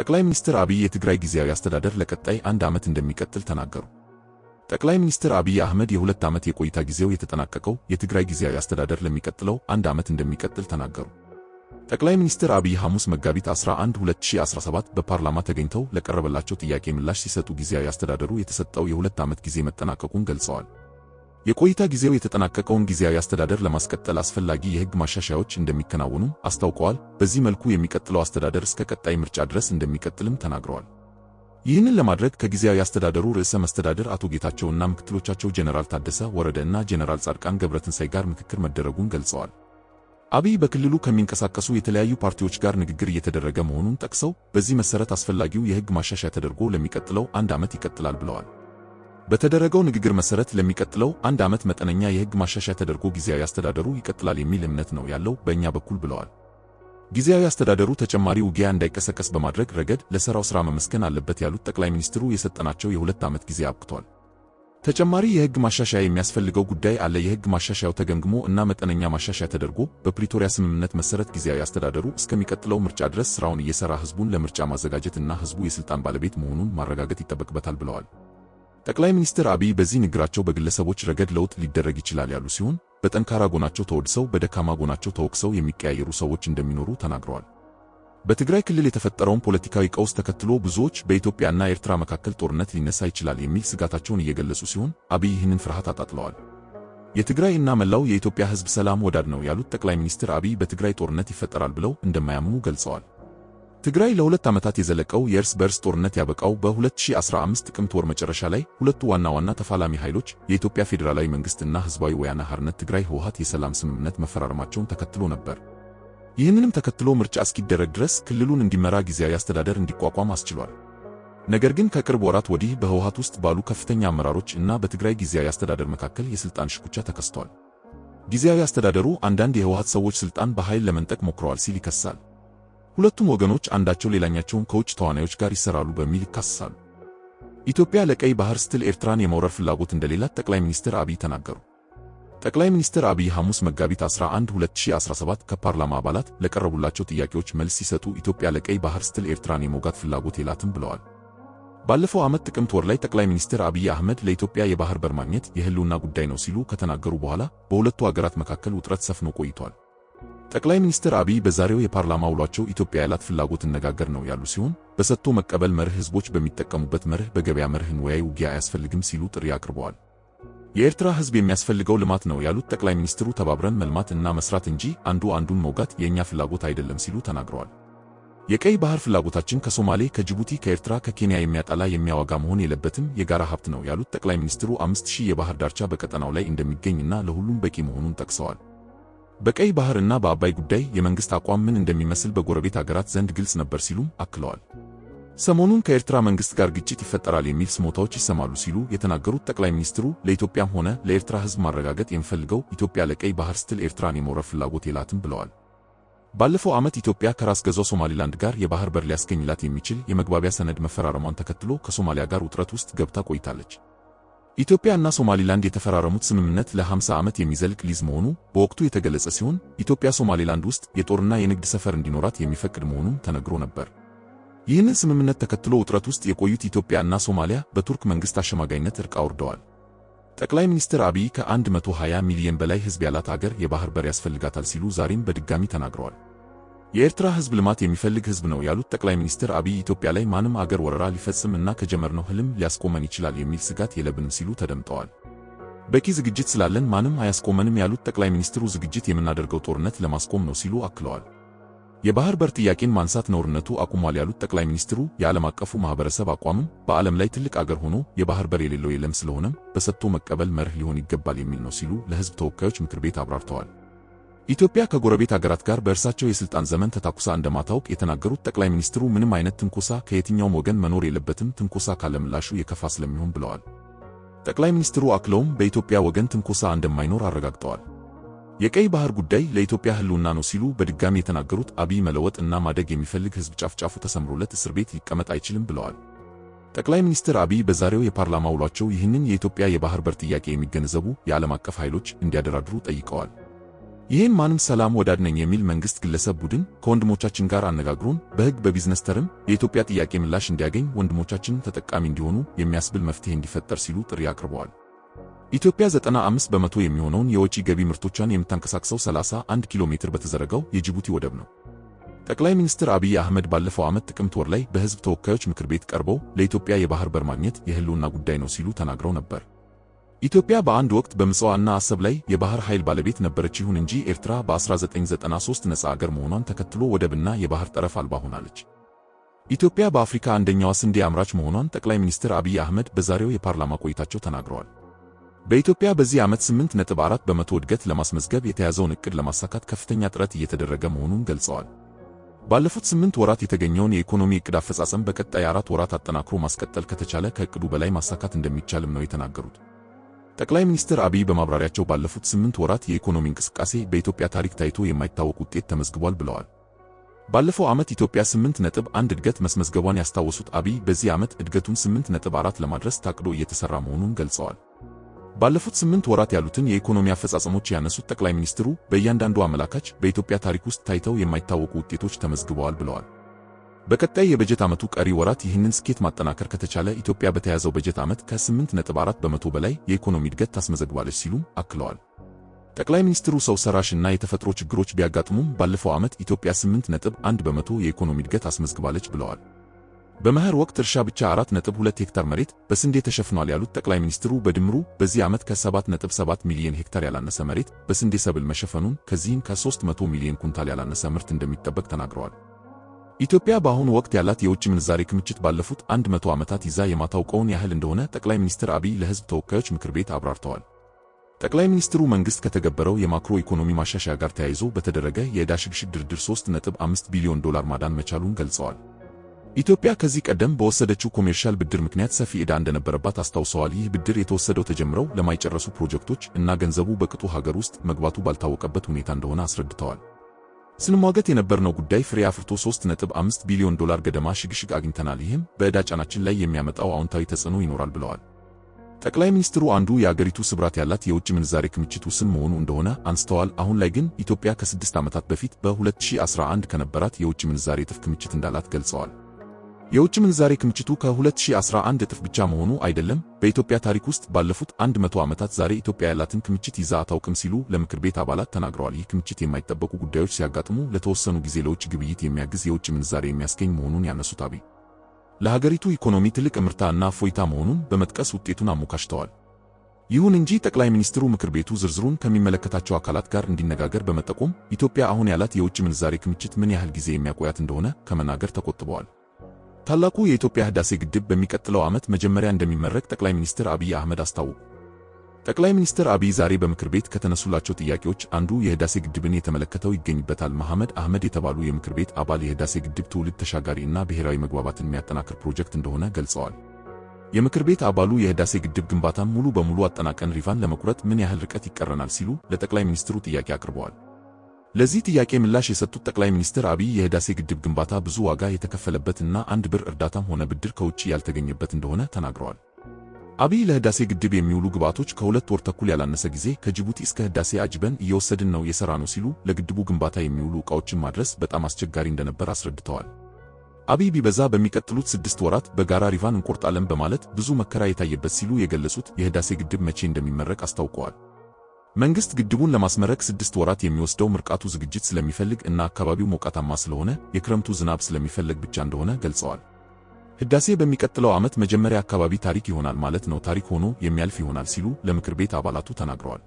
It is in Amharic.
ጠቅላይ ሚኒስትር አብይ የትግራይ ጊዜያዊ አስተዳደር ለቀጣይ አንድ ዓመት እንደሚቀጥል ተናገሩ። ጠቅላይ ሚኒስትር አብይ አህመድ የሁለት ዓመት የቆይታ ጊዜው የተጠናቀቀው የትግራይ ጊዜያዊ አስተዳደር ለሚቀጥለው አንድ ዓመት እንደሚቀጥል ተናገሩ። ጠቅላይ ሚኒስትር አብይ ሐሙስ መጋቢት 11 2017 በፓርላማ ተገኝተው ለቀረበላቸው ጥያቄ ምላሽ ሲሰጡ ጊዜያዊ አስተዳደሩ የተሰጠው የሁለት ዓመት ጊዜ መጠናቀቁን ገልጸዋል። የቆይታ ጊዜው የተጠናቀቀውን ጊዜያዊ አስተዳደር ለማስቀጠል አስፈላጊ የህግ ማሻሻያዎች እንደሚከናወኑ አስታውቀዋል። በዚህ መልኩ የሚቀጥለው አስተዳደር እስከ ቀጣይ ምርጫ ድረስ እንደሚቀጥልም ተናግረዋል። ይህንን ለማድረግ ከጊዜያዊ አስተዳደሩ ርዕሰ መስተዳደር አቶ ጌታቸውና ምክትሎቻቸው ጀነራል ታደሰ ወረደ እና ጀነራል ጻድቃን ገብረትንሳይ ጋር ምክክር መደረጉን ገልጸዋል። አብይ በክልሉ ከሚንቀሳቀሱ የተለያዩ ፓርቲዎች ጋር ንግግር እየተደረገ መሆኑን ጠቅሰው በዚህ መሰረት አስፈላጊው የህግ ማሻሻያ ተደርጎ ለሚቀጥለው አንድ ዓመት ይቀጥላል ብለዋል። በተደረገው ንግግር መሰረት ለሚቀጥለው አንድ ዓመት መጠነኛ የህግ ማሻሻያ ተደርጎ ጊዜያዊ አስተዳደሩ ይቀጥላል የሚል እምነት ነው ያለው በእኛ በኩል ብለዋል። ጊዜያዊ አስተዳደሩ ተጨማሪ ውጊያ እንዳይቀሰቀስ በማድረግ ረገድ ለሰራው ስራ መመስገን አለበት ያሉት ጠቅላይ ሚኒስትሩ የሰጠናቸው የሁለት ዓመት ጊዜ አብቅቷል። ተጨማሪ የህግ ማሻሻያ የሚያስፈልገው ጉዳይ አለ። የህግ ማሻሻያው ተገምግሞ እና መጠነኛ ማሻሻያ ተደርጎ በፕሪቶሪያ ስምምነት መሰረት ጊዜያዊ አስተዳደሩ እስከሚቀጥለው ምርጫ ድረስ ስራውን እየሰራ ህዝቡን ለምርጫ ማዘጋጀት እና ህዝቡ የስልጣን ባለቤት መሆኑን ማረጋገጥ ይጠበቅበታል ብለዋል። ጠቅላይ ሚኒስትር አብይ በዚህ ንግራቸው በግለሰቦች ረገድ ለውጥ ሊደረግ ይችላል ያሉ ሲሆን በጠንካራ ጎናቸው ተወድሰው በደካማ ጎናቸው ተወቅሰው የሚቀያየሩ ሰዎች እንደሚኖሩ ተናግረዋል። በትግራይ ክልል የተፈጠረውን ፖለቲካዊ ቀውስ ተከትሎ ብዙዎች በኢትዮጵያና ኤርትራ መካከል ጦርነት ሊነሳ ይችላል የሚል ስጋታቸውን እየገለጹ ሲሆን አብይ ይህንን ፍርሃት አጣጥለዋል። የትግራይ እና መላው የኢትዮጵያ ሕዝብ ሰላም ወዳድ ነው ያሉት ጠቅላይ ሚኒስትር አብይ በትግራይ ጦርነት ይፈጠራል ብለው እንደማያምኑ ገልጸዋል። ትግራይ ለሁለት ዓመታት የዘለቀው የእርስ በርስ ጦርነት ያበቃው በ2015 ጥቅምት ወር መጨረሻ ላይ ሁለቱ ዋና ዋና ተፋላሚ ኃይሎች የኢትዮጵያ ፌዴራላዊ መንግሥትና ሕዝባዊ ወያነ ሀርነት ትግራይ ህወሓት የሰላም ስምምነት መፈራረማቸውን ተከትሎ ነበር። ይህንንም ተከትሎ ምርጫ እስኪደረግ ድረስ ክልሉን እንዲመራ ጊዜያዊ አስተዳደር እንዲቋቋም አስችሏል። ነገር ግን ከቅርብ ወራት ወዲህ በህወሓት ውስጥ ባሉ ከፍተኛ አመራሮች እና በትግራይ ጊዜያዊ አስተዳደር መካከል የሥልጣን ሽኩቻ ተከስቷል። ጊዜያዊ አስተዳደሩ አንዳንድ የህወሓት ሰዎች ሥልጣን በኃይል ለመንጠቅ ሞክረዋል ሲል ይከሳል። ሁለቱም ወገኖች አንዳቸው ሌላኛቸውን ከውጭ ተዋናዮች ጋር ይሰራሉ በሚል ይካሰሳሉ። ኢትዮጵያ ለቀይ ባህር ስትል ኤርትራን የመውረር ፍላጎት እንደሌላት ጠቅላይ ሚኒስትር አብይ ተናገሩ። ጠቅላይ ሚኒስትር አብይ ሐሙስ መጋቢት 11 2017 ከፓርላማ አባላት ለቀረቡላቸው ጥያቄዎች መልስ ሲሰጡ ኢትዮጵያ ለቀይ ባህር ስትል ኤርትራን የመውጋት ፍላጎት የላትም ብለዋል። ባለፈው ዓመት ጥቅምት ወር ላይ ጠቅላይ ሚኒስትር አብይ አህመድ ለኢትዮጵያ የባህር በር ማግኘት የህልውና ጉዳይ ነው ሲሉ ከተናገሩ በኋላ በሁለቱ አገራት መካከል ውጥረት ሰፍኖ ቆይቷል። ጠቅላይ ሚኒስትር አብይ በዛሬው የፓርላማ ውሏቸው ኢትዮጵያ ያላት ፍላጎት እነጋገር ነው ያሉ ሲሆን በሰጥቶ መቀበል መርህ ህዝቦች በሚጠቀሙበት መርህ በገበያ መርህ እንወያይ፣ ውጊያ አያስፈልግም ሲሉ ጥሪ አቅርበዋል። የኤርትራ ህዝብ የሚያስፈልገው ልማት ነው ያሉት ጠቅላይ ሚኒስትሩ ተባብረን መልማት እና መስራት እንጂ አንዱ አንዱን መውጋት የእኛ ፍላጎት አይደለም ሲሉ ተናግረዋል። የቀይ ባህር ፍላጎታችን ከሶማሌ፣ ከጅቡቲ፣ ከኤርትራ፣ ከኬንያ የሚያጣላ የሚያዋጋ መሆን የለበትም የጋራ ሀብት ነው ያሉት ጠቅላይ ሚኒስትሩ አምስት ሺህ የባህር ዳርቻ በቀጠናው ላይ እንደሚገኝና ለሁሉም በቂ መሆኑን ጠቅሰዋል። በቀይ ባህርና በአባይ ጉዳይ የመንግስት አቋም ምን እንደሚመስል በጎረቤት አገራት ዘንድ ግልጽ ነበር ሲሉም አክለዋል። ሰሞኑን ከኤርትራ መንግስት ጋር ግጭት ይፈጠራል የሚል ስሞታዎች ይሰማሉ ሲሉ የተናገሩት ጠቅላይ ሚኒስትሩ ለኢትዮጵያም ሆነ ለኤርትራ ሕዝብ ማረጋገጥ የምፈልገው ኢትዮጵያ ለቀይ ባህር ስትል ኤርትራን የመውረር ፍላጎት የላትም ብለዋል። ባለፈው ዓመት ኢትዮጵያ ከራስ ገዛው ሶማሊላንድ ጋር የባህር በር ሊያስገኝላት የሚችል የመግባቢያ ሰነድ መፈራረሟን ተከትሎ ከሶማሊያ ጋር ውጥረት ውስጥ ገብታ ቆይታለች። ኢትዮጵያና ሶማሊላንድ የተፈራረሙት ስምምነት ለ50 ዓመት የሚዘልቅ ሊዝ መሆኑ በወቅቱ የተገለጸ ሲሆን ኢትዮጵያ ሶማሊላንድ ውስጥ የጦርና የንግድ ሰፈር እንዲኖራት የሚፈቅድ መሆኑም ተነግሮ ነበር። ይህንን ስምምነት ተከትሎ ውጥረት ውስጥ የቆዩት ኢትዮጵያና ሶማሊያ በቱርክ መንግሥት አሸማጋይነት እርቅ አውርደዋል። ጠቅላይ ሚኒስትር አብይ ከ120 ሚሊዮን በላይ ሕዝብ ያላት አገር የባህር በር ያስፈልጋታል ሲሉ ዛሬም በድጋሚ ተናግረዋል። የኤርትራ ህዝብ ልማት የሚፈልግ ህዝብ ነው ያሉት ጠቅላይ ሚኒስትር አብይ ኢትዮጵያ ላይ ማንም አገር ወረራ ሊፈጽም እና ከጀመርነው ህልም ሊያስቆመን ይችላል የሚል ስጋት የለብንም ሲሉ ተደምጠዋል። በቂ ዝግጅት ስላለን ማንም አያስቆመንም ያሉት ጠቅላይ ሚኒስትሩ ዝግጅት የምናደርገው ጦርነት ለማስቆም ነው ሲሉ አክለዋል። የባህር በር ጥያቄን ማንሳት ነውርነቱ አቁሟል ያሉት ጠቅላይ ሚኒስትሩ የዓለም አቀፉ ማህበረሰብ አቋምም በዓለም ላይ ትልቅ አገር ሆኖ የባህር በር የሌለው የለም ስለሆነም በሰጥቶ መቀበል መርህ ሊሆን ይገባል የሚል ነው ሲሉ ለህዝብ ተወካዮች ምክር ቤት አብራርተዋል። ኢትዮጵያ ከጎረቤት አገራት ጋር በእርሳቸው የስልጣን ዘመን ተታኩሳ እንደማታውቅ የተናገሩት ጠቅላይ ሚኒስትሩ ምንም አይነት ትንኮሳ ከየትኛውም ወገን መኖር የለበትም፣ ትንኮሳ ካለምላሹ የከፋ ስለሚሆን ብለዋል። ጠቅላይ ሚኒስትሩ አክለውም በኢትዮጵያ ወገን ትንኮሳ እንደማይኖር አረጋግጠዋል። የቀይ ባህር ጉዳይ ለኢትዮጵያ ህልውና ነው ሲሉ በድጋሚ የተናገሩት አብይ መለወጥ እና ማደግ የሚፈልግ ህዝብ ጫፍጫፉ ተሰምሮለት እስር ቤት ሊቀመጥ አይችልም ብለዋል። ጠቅላይ ሚኒስትር አብይ በዛሬው የፓርላማ ውሏቸው ይህንን የኢትዮጵያ የባህር በር ጥያቄ የሚገነዘቡ የዓለም አቀፍ ኃይሎች እንዲያደራድሩ ጠይቀዋል። ይህም ማንም ሰላም ወዳድ ነኝ የሚል መንግስት ግለሰብ ቡድን ከወንድሞቻችን ጋር አነጋግሮን በህግ በቢዝነስ ተርም የኢትዮጵያ ጥያቄ ምላሽ እንዲያገኝ ወንድሞቻችን ተጠቃሚ እንዲሆኑ የሚያስብል መፍትሄ እንዲፈጠር ሲሉ ጥሪ አቅርበዋል። ኢትዮጵያ 95 በመቶ የሚሆነውን የወጪ ገቢ ምርቶቿን የምታንቀሳቅሰው 31 ኪሎ ሜትር በተዘረጋው የጅቡቲ ወደብ ነው። ጠቅላይ ሚኒስትር አብይ አህመድ ባለፈው ዓመት ጥቅምት ወር ላይ በህዝብ ተወካዮች ምክር ቤት ቀርበው ለኢትዮጵያ የባህር በር ማግኘት የህልውና ጉዳይ ነው ሲሉ ተናግረው ነበር። ኢትዮጵያ በአንድ ወቅት በምጽዋና አሰብ ላይ የባህር ኃይል ባለቤት ነበረች። ይሁን እንጂ ኤርትራ በ1993 ነፃ አገር መሆኗን ተከትሎ ወደብና የባህር ጠረፍ አልባ ሆናለች። ኢትዮጵያ በአፍሪካ አንደኛዋ ስንዴ አምራች መሆኗን ጠቅላይ ሚኒስትር አብይ አህመድ በዛሬው የፓርላማ ቆይታቸው ተናግረዋል። በኢትዮጵያ በዚህ ዓመት 8.4 በመቶ እድገት ለማስመዝገብ የተያዘውን እቅድ ለማሳካት ከፍተኛ ጥረት እየተደረገ መሆኑን ገልጸዋል። ባለፉት ስምንት ወራት የተገኘውን የኢኮኖሚ እቅድ አፈጻጸም በቀጣይ አራት ወራት አጠናክሮ ማስቀጠል ከተቻለ ከእቅዱ በላይ ማሳካት እንደሚቻልም ነው የተናገሩት። ጠቅላይ ሚኒስትር አብይ በማብራሪያቸው ባለፉት ስምንት ወራት የኢኮኖሚ እንቅስቃሴ በኢትዮጵያ ታሪክ ታይቶ የማይታወቅ ውጤት ተመዝግቧል ብለዋል። ባለፈው ዓመት ኢትዮጵያ አንድ እድገት መስመዝገቧን ያስታወሱት አብይ በዚህ ዓመት እድገቱን ነጥብ አራት ለማድረስ ታቅዶ እየተሰራ መሆኑን ገልጸዋል። ባለፉት ስምንት ወራት ያሉትን የኢኮኖሚ አፈጻጸሞች ያነሱት ጠቅላይ ሚኒስትሩ በእያንዳንዱ አመላካች በኢትዮጵያ ታሪክ ውስጥ ታይተው የማይታወቁ ውጤቶች ተመዝግበዋል ብለዋል። በቀጣይ የበጀት ዓመቱ ቀሪ ወራት ይህንን ስኬት ማጠናከር ከተቻለ ኢትዮጵያ በተያዘው በጀት ዓመት ከ8.4 በመቶ በላይ የኢኮኖሚ እድገት ታስመዘግባለች ሲሉ አክለዋል። ጠቅላይ ሚኒስትሩ ሰው ሰራሽ እና የተፈጥሮ ችግሮች ቢያጋጥሙም ባለፈው ዓመት ኢትዮጵያ 8.1 በመቶ የኢኮኖሚ እድገት አስመዝግባለች ብለዋል። በመኸር ወቅት እርሻ ብቻ 4.2 ሄክታር መሬት በስንዴ ተሸፍኗል ያሉት ጠቅላይ ሚኒስትሩ በድምሩ በዚህ ዓመት ከ7.7 ሚሊዮን ሄክታር ያላነሰ መሬት በስንዴ ሰብል መሸፈኑን ከዚህም ከ300 ሚሊዮን ኩንታል ያላነሰ ምርት እንደሚጠበቅ ተናግረዋል። ኢትዮጵያ በአሁኑ ወቅት ያላት የውጭ ምንዛሬ ክምችት ባለፉት 100 ዓመታት ይዛ የማታውቀውን ያህል እንደሆነ ጠቅላይ ሚኒስትር አብይ ለሕዝብ ተወካዮች ምክር ቤት አብራርተዋል። ጠቅላይ ሚኒስትሩ መንግስት ከተገበረው የማክሮ ኢኮኖሚ ማሻሻያ ጋር ተያይዞ በተደረገ የዕዳ ሽግሽግ ድርድር 3.5 ቢሊዮን ዶላር ማዳን መቻሉን ገልጸዋል። ኢትዮጵያ ከዚህ ቀደም በወሰደችው ኮሜርሻል ብድር ምክንያት ሰፊ ዕዳ እንደነበረባት አስታውሰዋል። ይህ ብድር የተወሰደው ተጀምረው ለማይጨረሱ ፕሮጀክቶች እና ገንዘቡ በቅጡ ሀገር ውስጥ መግባቱ ባልታወቀበት ሁኔታ እንደሆነ አስረድተዋል። ስንሟገት የነበርነው ጉዳይ ፍሬ አፍርቶ 3.5 ቢሊዮን ዶላር ገደማ ሽግሽግ አግኝተናል። ይህም በዕዳ ጫናችን ላይ የሚያመጣው አዎንታዊ ተጽዕኖ ይኖራል ብለዋል። ጠቅላይ ሚኒስትሩ አንዱ የአገሪቱ ስብራት ያላት የውጭ ምንዛሬ ክምችት ውስን መሆኑ እንደሆነ አንስተዋል። አሁን ላይ ግን ኢትዮጵያ ከስድስት ዓመታት በፊት በ2011 ከነበራት የውጭ ምንዛሬ እጥፍ ክምችት እንዳላት ገልጸዋል። የውጭ ምንዛሬ ክምችቱ ከ2011 እጥፍ ብቻ መሆኑ አይደለም፣ በኢትዮጵያ ታሪክ ውስጥ ባለፉት 100 ዓመታት ዛሬ ኢትዮጵያ ያላትን ክምችት ይዛ አታውቅም ሲሉ ለምክር ቤት አባላት ተናግረዋል። ይህ ክምችት የማይጠበቁ ጉዳዮች ሲያጋጥሙ ለተወሰኑ ጊዜ ለውጭ ግብይት የሚያግዝ የውጭ ምንዛሬ የሚያስገኝ መሆኑን ያነሱት አብይ ለሀገሪቱ ኢኮኖሚ ትልቅ እምርታ እና እፎይታ መሆኑን በመጥቀስ ውጤቱን አሞካሽተዋል። ይሁን እንጂ ጠቅላይ ሚኒስትሩ ምክር ቤቱ ዝርዝሩን ከሚመለከታቸው አካላት ጋር እንዲነጋገር በመጠቆም ኢትዮጵያ አሁን ያላት የውጭ ምንዛሬ ክምችት ምን ያህል ጊዜ የሚያቆያት እንደሆነ ከመናገር ተቆጥበዋል። ታላቁ የኢትዮጵያ ህዳሴ ግድብ በሚቀጥለው ዓመት መጀመሪያ እንደሚመረቅ ጠቅላይ ሚኒስትር አብይ አህመድ አስታወቁ። ጠቅላይ ሚኒስትር አብይ ዛሬ በምክር ቤት ከተነሱላቸው ጥያቄዎች አንዱ የህዳሴ ግድብን የተመለከተው ይገኝበታል። መሐመድ አህመድ የተባሉ የምክር ቤት አባል የህዳሴ ግድብ ትውልድ ተሻጋሪ እና ብሔራዊ መግባባትን የሚያጠናክር ፕሮጀክት እንደሆነ ገልጸዋል። የምክር ቤት አባሉ የህዳሴ ግድብ ግንባታን ሙሉ በሙሉ አጠናቀን ሪቫን ለመቁረጥ ምን ያህል ርቀት ይቀረናል ሲሉ ለጠቅላይ ሚኒስትሩ ጥያቄ አቅርበዋል። ለዚህ ጥያቄ ምላሽ የሰጡት ጠቅላይ ሚኒስትር አብይ የህዳሴ ግድብ ግንባታ ብዙ ዋጋ የተከፈለበትና አንድ ብር እርዳታም ሆነ ብድር ከውጭ ያልተገኘበት እንደሆነ ተናግረዋል። አብይ ለህዳሴ ግድብ የሚውሉ ግብዓቶች ከሁለት ወር ተኩል ያላነሰ ጊዜ ከጅቡቲ እስከ ህዳሴ አጅበን እየወሰድን ነው የሰራ ነው ሲሉ ለግድቡ ግንባታ የሚውሉ ዕቃዎችን ማድረስ በጣም አስቸጋሪ እንደነበር አስረድተዋል። አብይ ቢበዛ በሚቀጥሉት ስድስት ወራት በጋራ ሪቫን እንቆርጣለን በማለት ብዙ መከራ የታየበት ሲሉ የገለጹት የህዳሴ ግድብ መቼ እንደሚመረቅ አስታውቀዋል። መንግስት ግድቡን ለማስመረቅ ስድስት ወራት የሚወስደው ምርቃቱ ዝግጅት ስለሚፈልግ እና አካባቢው ሞቃታማ ስለሆነ የክረምቱ ዝናብ ስለሚፈልግ ብቻ እንደሆነ ገልጸዋል። ህዳሴ በሚቀጥለው ዓመት መጀመሪያ አካባቢ ታሪክ ይሆናል ማለት ነው፣ ታሪክ ሆኖ የሚያልፍ ይሆናል ሲሉ ለምክር ቤት አባላቱ ተናግረዋል።